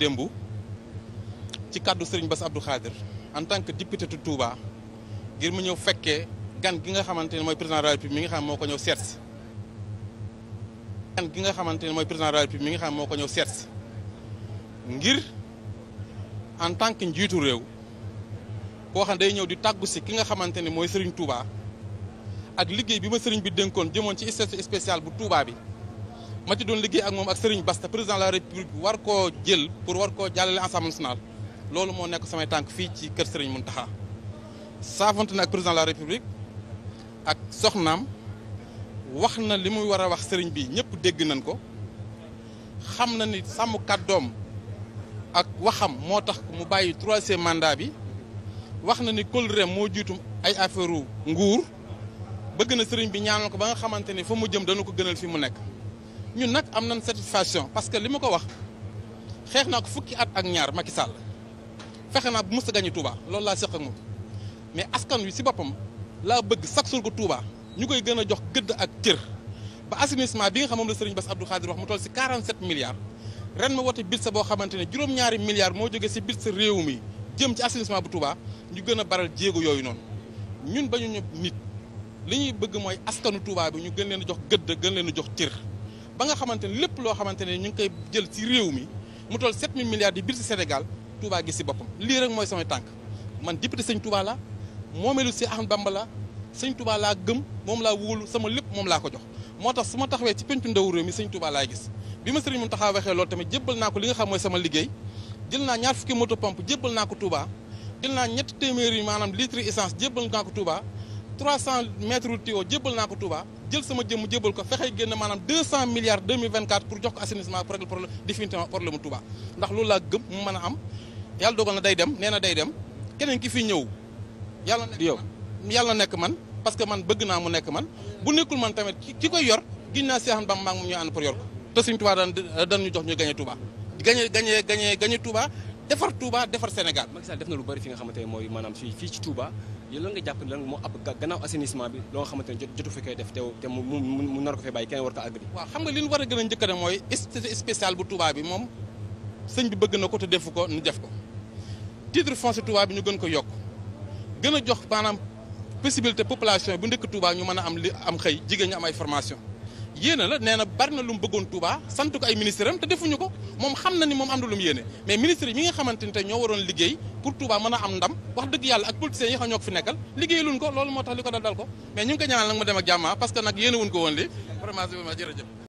démb ci kàddu Serigne Bass Abdou Khadir en tant que député tu Touba ngir ma ñëw fekkee gan gi nga xamante ne mooy président de la République mi nga xam moo ko ñëw seet si gan nga xamante ne mooy président mi nga xam moo ko ñëw ngir en tant que njiitu réew koo xam day ñëw di tàggu si ki nga xamante ne mooy Serigne Touba ak liggéey bi ma Serigne bi dénkoon jëmoon ci statut spécial bu Touba bi. ma ci doon liggéey ak moom ak sëriñ Basta président de la république war koo jël pour war koo jàllale Assemblée nationale loolu moo nekk samay tànk fii ci kër Serigne Mountakha saafante na ak président la république ak soxnaam wax na li mu war a wax Serigne bi ñëpp dégg nañ ko xam na ni sàmm kàddoom ak waxam moo tax mu bàyyi troisième mandat bi wax na ni kóllëre moo jiitu ay affaire nguur bëgg na Serigne bi ñaanal ko ba nga xamante ni fa mu jëm dana ko gënal fi mu nekk. ñun nag am nañ satisfaction parce que li ma ko wax xeex naa ko fukki at ak ñaar Macky Sall fexe naa bu mës a gañu Touba loolu laa seq ak moom mais askan wi si boppam laa bëgg chaque jour ko Touba ñu koy gën a jox gëdd ak cër ba assainissement bi nga xam moom la Serigne Bass Abdou Khadir wax mu toll si 47 milliards ren ma wote budget boo xamante ne juróom-ñaari milliards moo jógee si budget réew mi jëm ci assainissement bu Touba ñu gën a baral jéego yooyu noonu ñun bañu ñëpp nit li ñuy bëgg mooy askanu Touba bi ñu gën leen a jox gëdd gën leen a jox cër ba nga xamante ne lépp loo xamante ne ñu ngi koy jël ci réew mi mu toll 7000 milliards di biir ci Sénégal Touba gis ci boppam lii rek mooy samay tànk man député sëñ Touba la moomelu si Ahmed Bamba laa gëm moom laa wóolu sama lépp moom laa ko jox moo tax su ma taxawee ci pencu ndaw réew mi sëñ Touba laay gis bi ma sëriñ Mountakha waxee loolu tamit jébbal naa ko li nga xam mooy sama liggéey jël naa ñaar fukki moto pompe jébbal naa ko Touba jël naa ñetti téeméeri maanaam litre essence jébbal naa ko Touba 300 mètres tuyau jébbal naa ko Touba jël sama jëmm jébal ko fexe génn maanaam 200 milliards 2024 pour jox ko assainissement pour régler problème définitivement problème Touba ndax loolu laa gëm mu mën a am yàlla dogal na day dem nee na day dem keneen ki fi ñëw yàlla nekk yow yàlla nekk man parce que man bëgg naa mu nekk man bu nekkul man tamit ki koy yor giñ naa seexan bam maag mu ñu ànd pour yor ko te suñ Touba daan daan ñu jox ñu gagné Touba gagné gagné gagné gagné Touba defar Touba defar Sénégal. Macky Sall def na lu bëri fi nga xamante ne mooy maanaam fii fii ci Touba yéen lan nga jàpp lan moo ab gannaaw assainissement bi loo nga xamante ne jotu fi koy def te te mu mu ko fee bàyyi kenn war ko àgg. waaw xam nga li ñu war a gën a njëkk ne mooy spécial bu Touba bi moom sëñ bi bëgg na ko te defu ko ñu def ko titre foncier Touba bi ñu gën ko yokk gën a jox maanaam possibilité population bu ndëkk Touba ñu mën a am li am xëy jigéen ñi am ay formation yéene la nee na bari na lu mu bëggoon Touba sant ko ay ministre te defuñu ko moom xam na ni moom am na lu mu yéene mais ministre yi mi nga xamante ni tey ñoo waroon liggéey pour Touba mën a am ndam wax dëgg yàlla ak politiciens yi xam ñoo fi nekkal liggéey ko loolu moo tax li ko dal dal ko mais ñu ngi ko nag mu dem ak jàmm parce nag yéene ko woon li